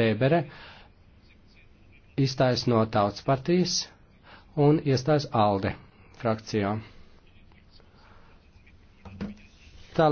Bēbere izstājas no tautas partijas un iestājas ALDE frakcijā.